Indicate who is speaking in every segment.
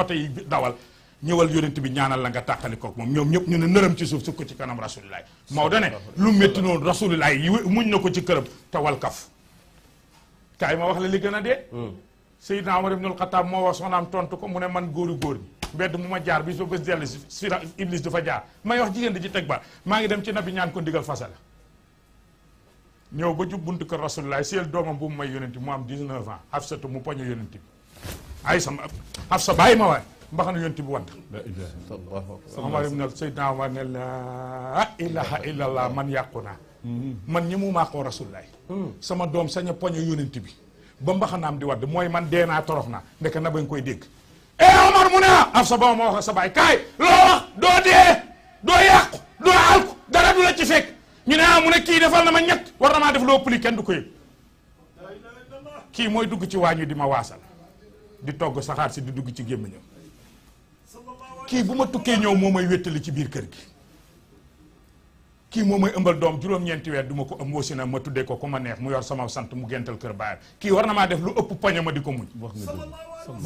Speaker 1: oto yi dawal ñëwal yonent bi ñaanal la nga tàqali kook moom ñoom ñëpp ñu ne nërëm ci suuf su ko ci kanam rasulilaay Maodo ne lu métti noonu rasulilaay yi muñ na ko ci këram te wal kaf kaay ma wax la li gën a dee hmm. Seydina Omar ibnul Xataab moo wax soxnaam tontu ko mu ne man góori góor ñi mbedd mu ma jaar bi soo bés dellu si iblis du fa jaar may wax jigéen di ci teg ba maa ngi dem ci nabi ñaan ko ndigal fasa la ñëw ba jub buntu kër rasulilaay seel doomam bu mu may yonent bi mu am 19 ans Hafsatu ay sama af sa bàyyi ma waay mbaxana yonti bu wadd Omar man yàqu mm-hmm. man ñi mu maaqoo rasulullaay mm. sama doom sañ a poñe yonent bi ba mbaxanaam di wadd mooy man dee naa torox naa ndek na bañ koy dégg e Omar mu ne af sa ba ma wax sa baay kaay loo doo dee doo yàqu doo alku dara du la ci fekk ñu ne ah mu ne kii defal na ma ñett war na maa def loo pli kenn du ko kii mooy dugg ci waañu di ma waasal di togg saxaar si di dugg ci gémmiñam kii bu ma tukkee ñëw moo may wéttali ci biir kër gi kii moo may ëmbal doom juróom-ñeenti weer duma ma ko ëmb na ma tuddee ko ku ma neex mu yor sama sant mu gental kër baayam kii war na maa def lu ëpp poñe ma di ko muñ bu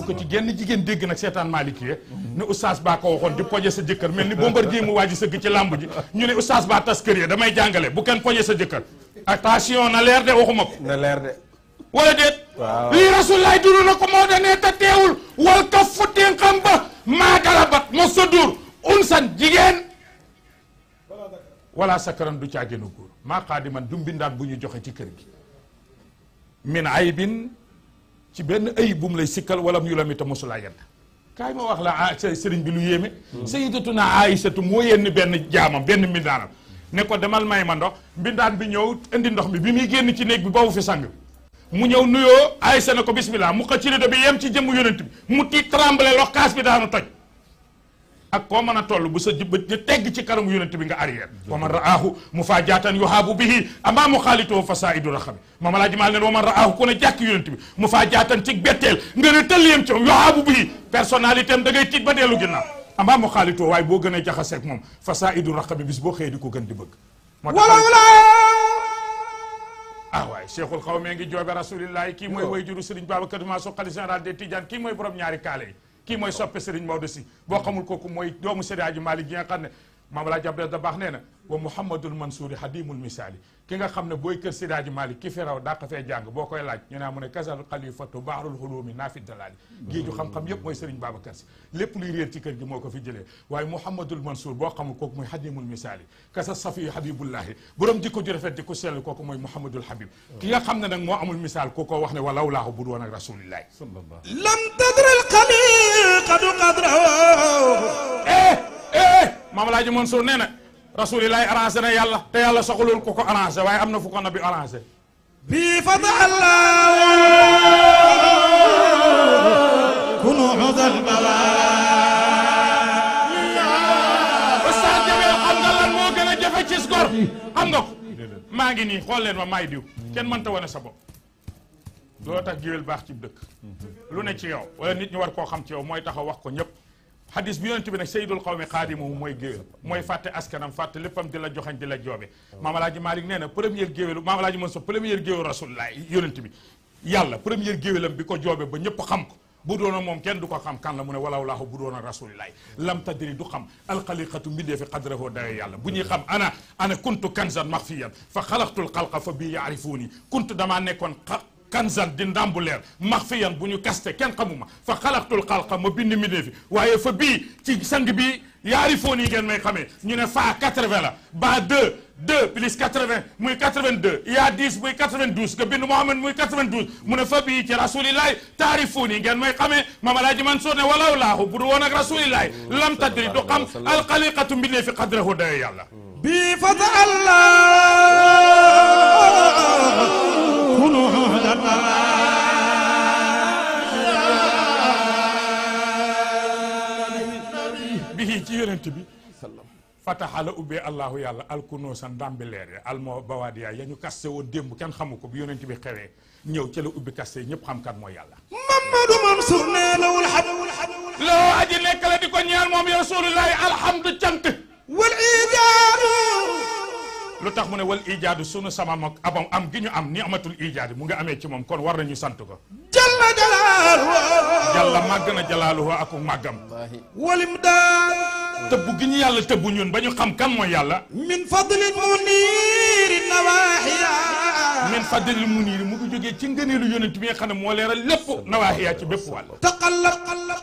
Speaker 1: ko ci genn jigéen dégg nag seetaan Malikia ne oustaz baa ko waxoon di poñe sa jëkkër mel ni Bombardier mu waa ji sëgg ci làmb ji ñu ne oustaz baa tas kër ya damay jàngale bu kenn poñe sa jëkkër attention na leer de waxuma ko na leer de wala déet
Speaker 2: lii rasulullaay
Speaker 1: dund na ko moo danee te teewul wal ka futtin xam ba maa ma sodur unsan jigéen wala sakaran du caagéenu góor maa xaadiman du mbindaan bu ñu joxe ci kër gi min aybin ci benn ay bu mu lay sikkal wala mu yu la mi ta mosulaa yedd kaay ma wax la ah sëriñ bi lu yéeme hmm. sayyidatuna aïsatu moo yenn benn jaamam benn mbindaanam ne demal may ma ndox mbindaan bi ñëw indi ndox mi bi muy génn ci néeg bi boobu fi sang bi mu ñëw nuyoo Aysa na ko bismillah mu xëcc rido bi yem ci jëmm yonent bi mu tiit tremble loxaas bi daanu toj ak koo mën a toll bu sa jëbët ja tegg ci kanamu yonent bi nga arrière wa man raahu mu faa jaatan yuhaabu bihi amaa mu xaalitoo fa saa idu raxami maama laa ji maal ne wa man raahu ku ne jàkk yonent bi mu faa jaatan ci betteel nga ne tëll yem ci moom yuhaabu bihi personnalité am da ngay tiit ba dellu ginnaaw amaa mu xaalitoo waaye boo gën a jaxaseeg moom fa saa idu raxami bis boo xëyee di ko gën di bëgg ah waay cheikhul xaw mee ngi joobe rasulillahi kii mooy way juru sëriñ Babacar Mansour xalifa général des Tidianes kii mooy borom ñaari kaale yi kii mooy soppe sëriñ Maodo si boo xamul kooku mooy doomu Seydi Hadji Malick gi nga xam ne Maam Alaaji Abdou nee na ومحمد المنصور حديم المثالي كيغا خامن بوي كير سيداجي مالك كي فيراو داك في جانغ بوكاي لاج نينا موني كذا الخليفه بحر الهلوم نافي الدلال جيجو خام خام ييب موي سيرن بابا كرسي ليپ لي رير تي كير جي موكو في جيلي واي محمد المنصور بو خام كوك موي حديم المثالي كذا صفي حبيب الله بروم ديكو جرفت ديكو سيل كوك موي محمد الحبيب كيغا خامن نك مو امول مثال كوكو واخني ولا لا هو بودو نك رسول الله صلى الله لم تدر الخليل قد قدره ايه ايه مام لاجي منصور نينا رسول الله ارانسي نا يالا تا يالا سخلول كوكو ارانسي واي امنا فوكو نبي ارانسي بي فتح الله كنو حوز البلاء استاذ جميل الحمد لله الموكنا جفا تشيسكور امنا ماغي ني خول لين ما ماي ديو كين مانتا وانا سابو لو تاخ جيول باخ تي دك لو ولا نيت ني وار كو خام تي يو موي تاخا واخ كو نيب xadis bi yonent bi nag sayyidul qawmi xaadimuhu mooy géwél mooy fàtte askanam fàtte léppam di la joxañ di la joobe maam alaaji Maalik nee na première géwélu maam alaaji Mansour première géwélu rasulullah yonent bi yàlla première géwélam bi ko joobe ba ñëpp xam ko bu doona moom kenn du ko xam kan la mu ne walawlaahu bu doona rasulillahi lam tadri du xam alxaliqatu mbindee fi xadrahoo dawe yàlla bu ñuy xam ana ana kuntu kanzan maxfiyan fa xalaqtul xalqa fa bii yaarifuuni kuntu damaa nekkoon كنزان دي ندامبولير مخفيا بونيو كاستي كان قموما فخلقت القلق مبين مدفي وهي فبي تي سانج بي يعرفوني جن مي خامي نينا فا 80 لا با 2 2 بليس 80 موي 82 يا 10 موي 92 كبين محمد موي 92 من فبي تي رسول الله تعرفوني جن مي خامي ماما لاجي منصور ولا الله بروانا رسول الله لم تدري دو قام القلقه مني في قدره دا يالا بفضل الله yonent bi sallam fataha la ubbee allahu yàlla al alkunuusan ndàmbi leer ya almo bawaadiya ya ñu kaste woon démb kenn xamu ko bu yonent bi xewee ñëw ca la ubbi kaste ñëpp xam kan mooy yàlla
Speaker 2: mamadou mansour nee lawul xam loo
Speaker 1: aji nekk la di ko ñaan moom ya rasulullahi alhamdu cant wal ijaadu lu tax mu ne wal ijaadu sunu sama mag abam am gi ñu am ni amatul ijaadi mu ngi amee ci moom kon war nañu sant ko
Speaker 2: jalla jalaaluhu jalla
Speaker 1: màgg na jalaaluhu ak màggam walim daal tëbb gi ñu yàlla tëbb ñun ba ñu xam kam mooy yàlla.
Speaker 2: min fadlil muniri nawaahiya. min
Speaker 1: fadlil muniri mu ngi jógee ci ngëneelu yonent bi nga xam ne moo leeral na nawaahiya ci bépp wàll. taqallab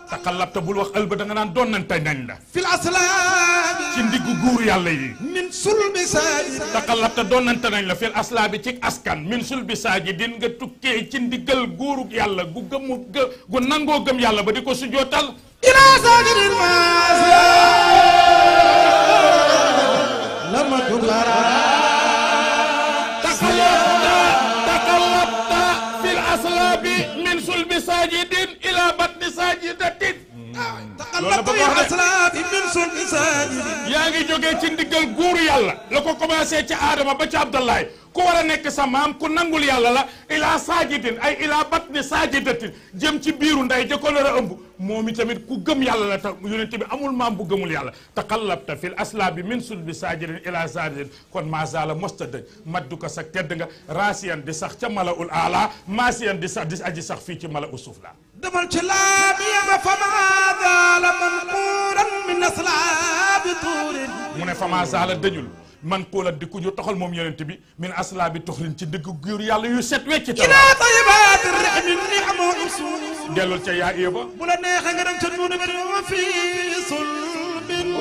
Speaker 1: taqallab te bul wax ëlba da nga naan doonante nañ la. fi aslaabi. ci ndiggu guur yàlla yi. min sulbi saajidin. taqallab te doonante nañ la fil aslaabi ci askan. min sulbi saajidin nga tukkee ci ndiggal guurug yàlla gu gëmu gë gu nangoo gëm yàlla ba di ko sujootal. yaa ngi jógee ci ndiggal guuru yàlla la ko commencé ci aadama ba ci abdallahi ku war a nekk sa maam ku nangul yàlla la ilaa saajidin ay ilaa batni saajidatin jëm ci biiru nday ja ko nar a ëmb moom itamit ku gëm yàlla la te yonente bi amul maam bu gëmul yàlla taqallabta fil aslaabi min sulbi saajidin ilaa saajidin kon maasala mosta dëj maddu ko sa tedd nga raasiyan di sax ca mala ul aala maasiyan di sax di aji sax fii ci mala u suuf laa
Speaker 2: demal ci laabiyama famaazala manquuran min aslaabi tuurin
Speaker 1: mu ne famaazala dëjul man xuulat di ku ñu toxal moom yonent bi min asla bi toxrin ci dëgg góor yàlla yu set wecci ta dellul ca yaa yéba
Speaker 2: bu la neexee nga dem ca nuunu bi fi sulbin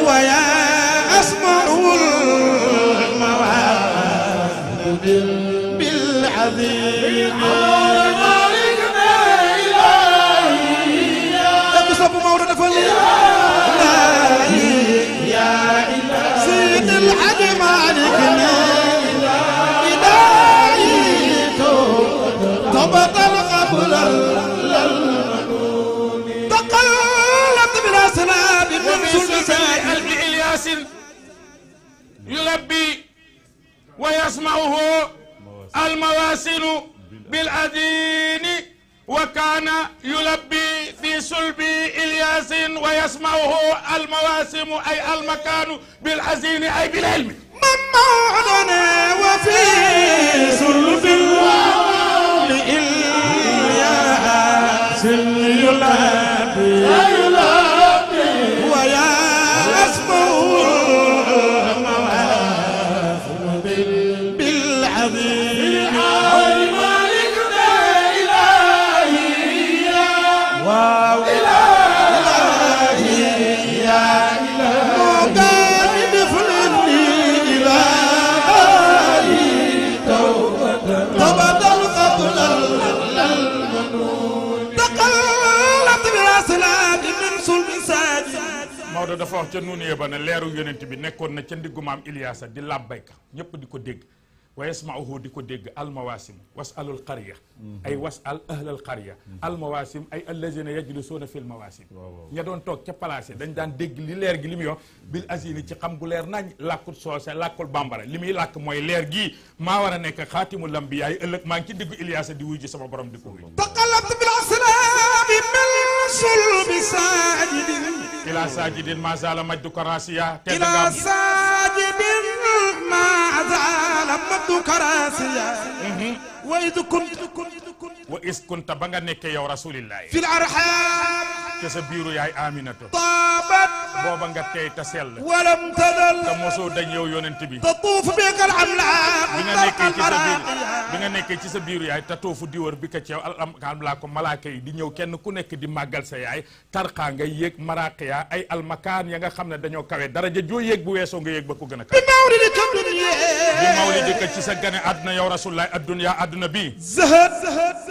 Speaker 2: ويا أسمع المواهب بالعظيم bu Maodo defal Seydi El Hadji Malick ni ilahi tawbatal qabl تقلت بلا سناب منذ قلب
Speaker 1: إلياس يلبي ويسمعه المواسن بالاذين وكان يلبي بسلب الياس ويسمعه المواسم اي المكان بالحزين اي بالعلم من موعدنا وفي
Speaker 2: صلب الله
Speaker 1: dafa wax ca nuunee ba ne leeru yonent bi nekkoon na ca ndiggu maam Iliyaasa di làbbayka ñépp di ko dégg wa yasmauhu di ko dégg almawasim wasalul qarya mhm. ay wasal ahlal qarya mhm. almawasim ay allazina yajlisuuna fil mawasim ña doon toog ca palaas dañ daan dégg li leer gi li muy wax bil asini ci xam gu leer nañ làkkul soose làkkul bambara li muy làkk mooy leer gi maa war a nekk xaatimu lambiyaa yi ëllëg maa ngi ci diggu Iliyaasa di wuy ji sama borom di ko wuy taqalabt bil
Speaker 2: asnaami min sulbi
Speaker 1: kila sajidin ma zala majdu karasiya te
Speaker 2: sajidin ma zala majdu karasiya mhm. wa id kunta
Speaker 1: wa is kunta ba nga nekke yow ya rasulillahi fil arham te sa biiru yaay aminatu booba nga tey ta sell walam tadal te mosoo dañ yow yonent bi te tuuf beekal am ci sa biir bi nga di wër bi ka am laa ko malaaka yi di ñëw kenn ku nekk di màggal sa yaay tarxaa nga yéeg maraaqiya ay almakaan ya nga xam ne dañoo kawe daraja joo yéeg bu weesoo nga yéeg ba ko gën a kawe bi mawlidi ka ci sa gane àdduna yow rasulullah adduna àdduna bi zahat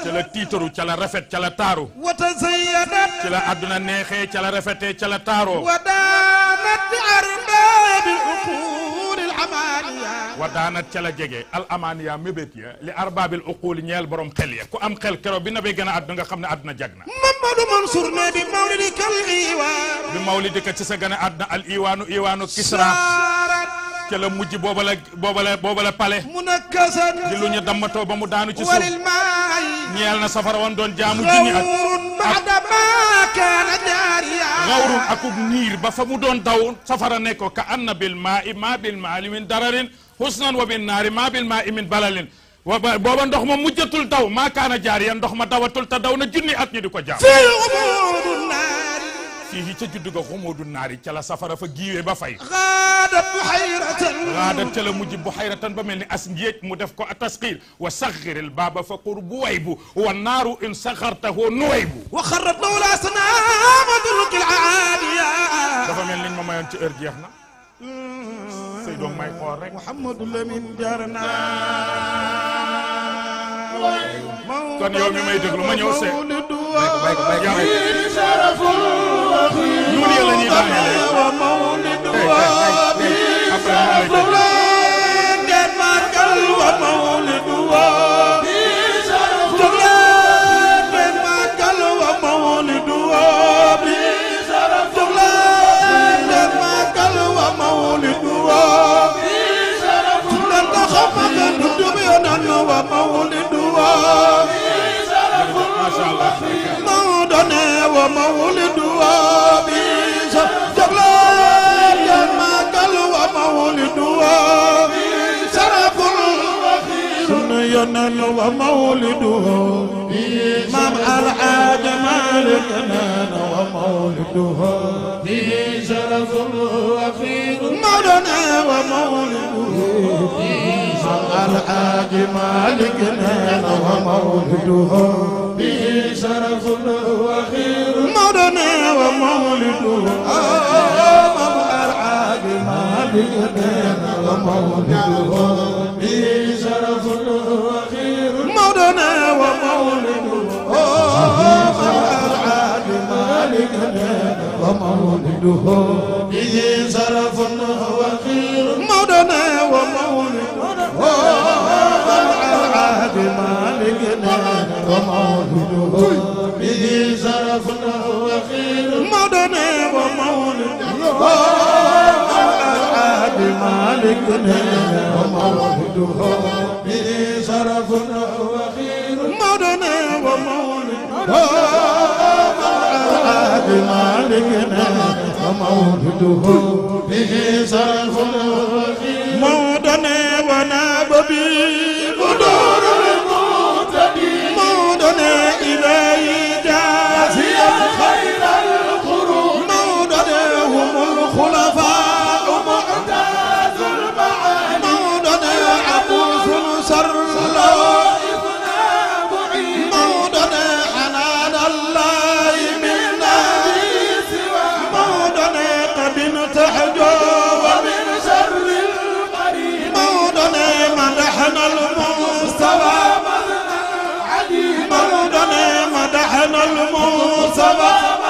Speaker 1: ca la tiitaru ca la rafet ca la taaru
Speaker 2: wata sayyadat
Speaker 1: ca la àdduna neexee ca la rafetee ca la taaroo
Speaker 2: wadaanat arbaabi uquul al amaniya
Speaker 1: wadaanat ca la jege al amaniya mébét ya li arbaabil uquul ñeel borom xel ya ku am xel keroog bi na bay gën a àdduna nga xam ne àdduna jag na Mamadou Mansour ne bi mawlidi ka al iwaan bi mawlidi ka ci sa gane àdduna al iwaanu iwaanu kisra ca la mujj booba la booba la booba la pale mu na kasan di lu ñu dammatoo ba mu daanu ci suuf ñeel na safara woon doon jaamu junni
Speaker 2: at
Speaker 1: xawrun akub niir ba fa mu doon daw safara ne ko ka anna bil maa i maa bil maa i min dararin husnan wa bin naari maa bil maa i min balalin wa booba ndox ma mujjatul daw maa kaana jaariyan ndox ma dawatul te daw na junni at ñu di ko jaam fii ca juddu ga xumoodu naari ca la safara fa giiwee ba fay raada ca la mujj bu xayratan ba mel ni as njéej mu def ko a tasqir wa saxiril baaba fa qur bu way bu wa naaru in saxartahoo nuway bu waxarat lawla sanamadulqil aadiya dafa mel niñ ma mayoon ci heure jeex na sëy doom may xool rek
Speaker 2: Mouhamadou Lamine jarna kon yow mi may déglu ma ñëw seet bay ko bay ko bay ko ومولد مولد ومولد جبلا مكل ومولد شرف سنين ومولد الحاج مالكنا ومولده به شرف وخير مرنا ومولده الحاج مالكنا ومولده به شرف وخير مرنا ومولده الحاج مالكنا ومولده به شرف مالكنا ومولده الأحد مالكنا ومولده به شرفنا وخير مولنا ومولده الأحد مالكنا ومولده به شرفنا وخير مولنا وناب به saba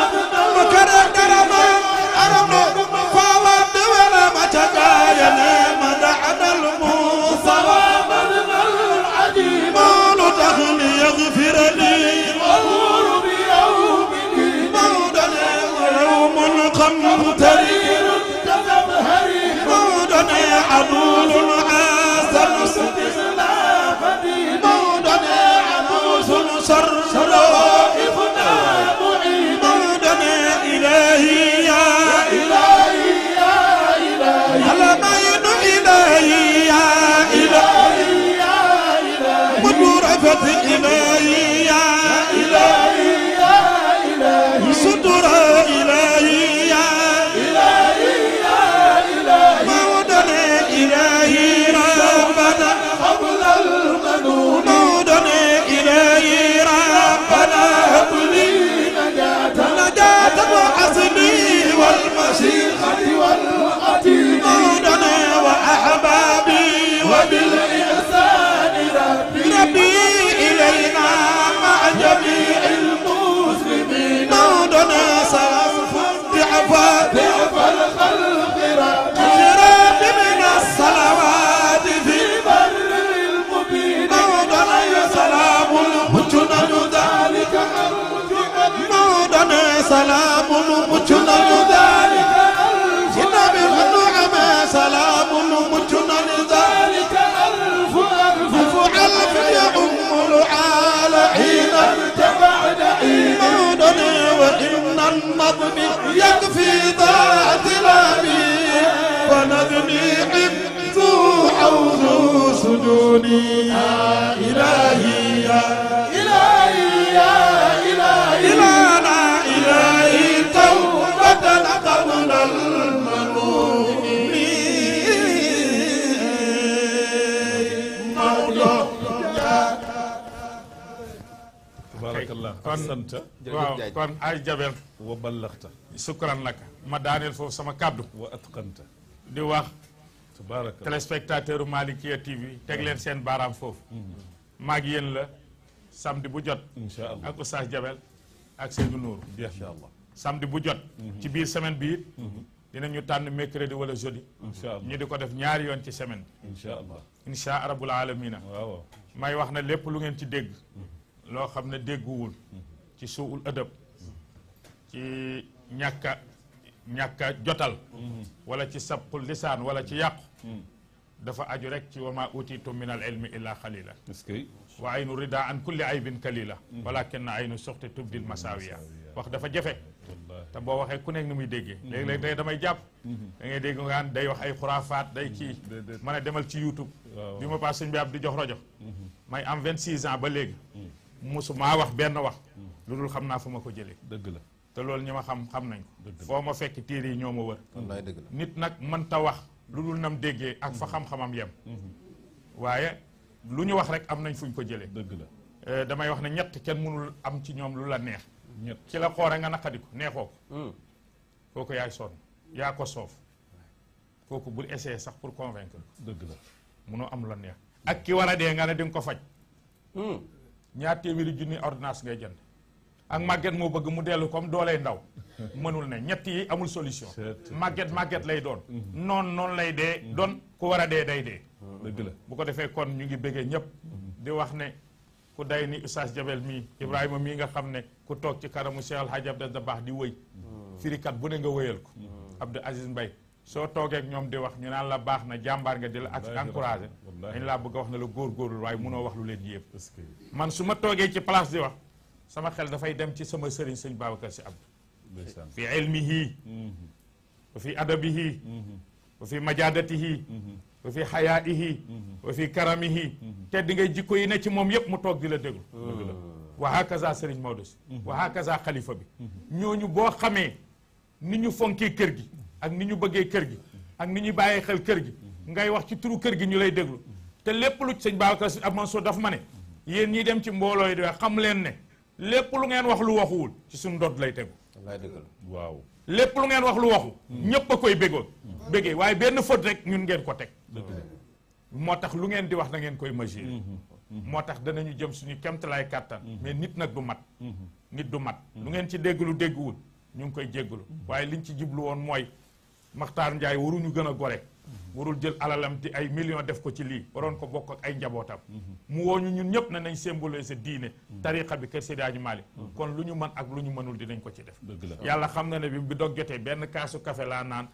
Speaker 2: نظمي يكفي ضاعت لامي ونظمي حفظ عوض سجوني إلهي يا
Speaker 1: asanta waaw kon ay jabel wa ballaxta sukran laka ma daaneel foofu sama kàddu wa atqanta di wax tabaraka téléspectateur Malikia TV teg leen seen baaraam foofu mm-hmm. maag yéen la samedi bu jot incha allah ak oustaz jabel ak Seydou Nourou incha allah bu jot mm-hmm. ci biir semaine bi it mm-hmm. dinañu tànn mercredi wala jeudi incha allah ñu di ko def ñaari yoon ci semaine bi rabbul alamina may wax na lépp lu ngeen ci dégg loo xam ne dégguwul ci suul adab ci ñaka ñaka jotal wala ci sabqul lisan wala ci yaq dafa aju rek ci wama ma utitu min al ilmi illa khalila wa aynu rida an kulli aybin kalila walakin aynu sukhti tubdil masawiya wax dafa jafé ta bo waxe ku nek numuy muy mm-hmm. leg leg day damay japp mm-hmm. da ngay dégg nga day wax ay khurafat day mm-hmm. mané demal ci youtube bima ma seigne bi ab di jox rojo may am 26 ans ba leg musu wax ben wax lu hamna xam naa fu ma ko jëlee dëgg la te loolu ñi ma xam xam nañ ko foo ma fekk téere yi ñoo ma wër wallaay dëgg la nit nag mënta wax lu nam déggee ak fa mhm. xam-xamam yem mhm. waaye lu ñu wax rek am nañ fuñ ko jëlee dëgg la euh, damay wax ne ñett kenn mënul am ci ñoom lu la neex ñett ci la xoore nga neexoo ko mm. kooku yaay sonn yaa ko soof kooku bul essayer sax pour convaincre dëgg la am neex ak ki war a nga ne di nga ko faj mm. ñaar téeméeri junni ordonnance ngay jënd ak màgget moo bëgg mu dellu comme doolee ndaw mënul ne ñett yi amul solution màgget màgget lay doon mhm. noon noonu lay dee mhm. doon ku war a dee day dee dëgg bu ko defee kon ñu ngi bëggee ñëpp mhm. di wax ne ku day ni Oustaz Jabel mii Ibrahima mii nga xam ne ku toog ci kanamu Cheikh Al Hadj Abdou da baax di wëy firikat bu ne nga wëyal ko Abdou Aziz mbay soo toogeek ñoom di wax ñu naan la baax na jàmbaar nga di la ak encouragé dañ laa bëgg a wax ne la góorgóorlu waaye munoo wax lu leen yëpp man su ma toogee ci place di wax sama xel dafay dem ci sama sëriñ sëñ Babacar si Abdou fi ilmihi mm-hmm. wa fi adabihi mm-hmm. wa fi majaadatihi mm-hmm. fi xayaa'ihi fi karamihi te di ngay jikko yi ne ci moom yëpp mu toog di la déglu wa hakaza sëriñ Maodo si wa hakaza xalifa bi ñooñu boo xamee ni ñu fonkee kër gi ak ni ñu bëggee kër gi ak ni ñuy bàyyee xel kër gi ngay wax ci turu kër gi ñu lay déglu te lépp lu sëñ Babacar si Mansour daf ma ne yéen ñi dem ci mbooloo yi di xam leen ne lépp lu ngeen wax lu waxuwul ci suñu ndodd lay tegu waaw lépp lu ngeen wax lu waxu ñépp a koy béggoon béggee waaye benn faute rek ñun ngeen ko teg moo tax lu ngeen di wax na ngeen koy majeur mm-hmm. mm-hmm. moo tax danañu jëm suñu kemtalaay kàttan mm-hmm. mais nit nag du mat nit du mat lu ngeen ci dégg lu dégguwul ñu ngi koy jéggalu waaye liñ ci jublu woon mooy Maxtaar Njaay waruñu gën a gore warul jël alalam di ay millions def ko ci lii waroon ko bokk ak ay njabootam mu woo ñu ñun ñëpp na nañ symboliser diine tariqa bi kër Seydi Hadji Malick kon lu ñu mën ak lu ñu mënul dinañ ko ci def yàlla xam na ne bi bi dog jotee benn kaasu kafe laa naan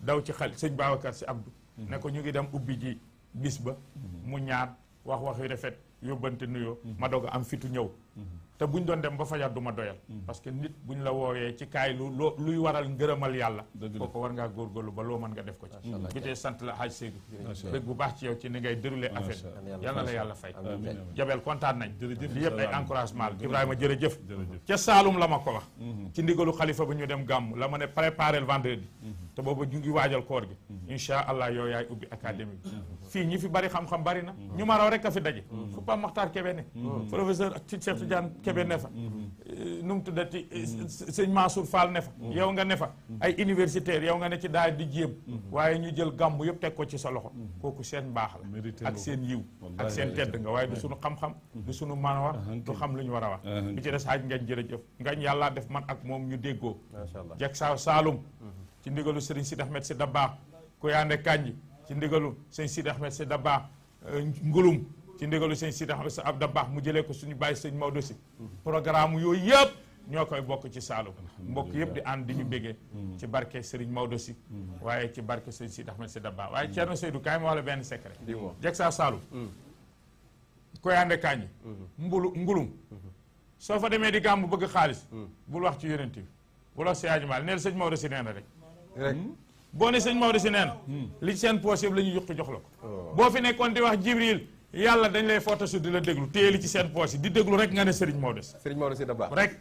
Speaker 1: daw ci xal sëñ Babacar si Abdou ne ko ñu ngi dem ubbi ji bis ba mu ñaan wax wax yu rafet yóbbante nuyoo ma doog a am fitu ñëw te buñ doon dem ba fajar duma ma doyal mm. parce que nit buñ la woowee ci kaay lu luy waral ngërëmal yàlla kooku war ngaa góorgóorlu ba loo mën nga def ko ca bi tey sant la Hadj Seydou bëgg bu baax ci yow ci ni ngay déroulé affaire yal la yàlla fay jabel kontaan nañ li yëpp ay encouragement la Ibrahima jëf ca Saalum la ma ko wax mm-hmm. ci ndigalu xalifa bu ñu dem gàmm la ma ne préparé le vendredi mm-hmm. te boobu ñu ngi waajal koor gi incha allah yow yaay ubbi académie bi fii ñi fi bari xam-xam bari na ñu ma raw rek a fi daje fu Pape Makhtar Kébé ne professeur ak Cheikh Tidiane Kébé ne fa nu mu ti sëñ Mansour Fall ne fa yow nga ne fa ay universitaires yow nga ne ci daal di jéem waaye ñu jël gàmmu yëpp teg ko ci sa loxo kooku seen mbaax la ak seen yiw ak seen tedd nga waaye du sunu xam-xam du sunu man a wax ah, du xam lu ñu war a wax ah, bi ci des xaaj ngañ jërëjëf ngañ yàllaa def man ak moom ñu déggoo jag sa saalum ci ndigalu Serigne Sidi Ahmed si Dabakh Koyande Kanji ci ndigalu sëñ Sidi Ahmed si Dabakh euh, Ngulum ci ndigalu sëñ Sidi Ahmed si ab Dabakh mu jëlee ko suñu bàyyi sëñ Maodo si programme yooyu yëpp ñoo koy bokk ci Saalum mbokk yëpp di ànd di ñu béggee mm. ci barke Serigne Maodo si mm. waaye ci barke sëñ Sidi Ahmed si Dabakh waaye Thierno Seydou kaay ma wax benn secret jeg saa Saalum mm. Koyande Kanji mm-hmm. mbulu Ngulum mm-hmm. soo fa demee di bu bëgg xaalis bul wax ci yonent bi bul wax si Aji Maalik neel sëñ Maodo si nee rek rek hmm? boo ne sëñ Maodo si neen hmm. li ci seen poche yëpp la ñuy yuqi jox la ko oh. boo fi nekkoon di wax Jibril yàlla dañu lay fotosu di la déglu téye li ci seen poche yi di déglu rek nga ne Serigne Maodo des Serigne Maodo si da baax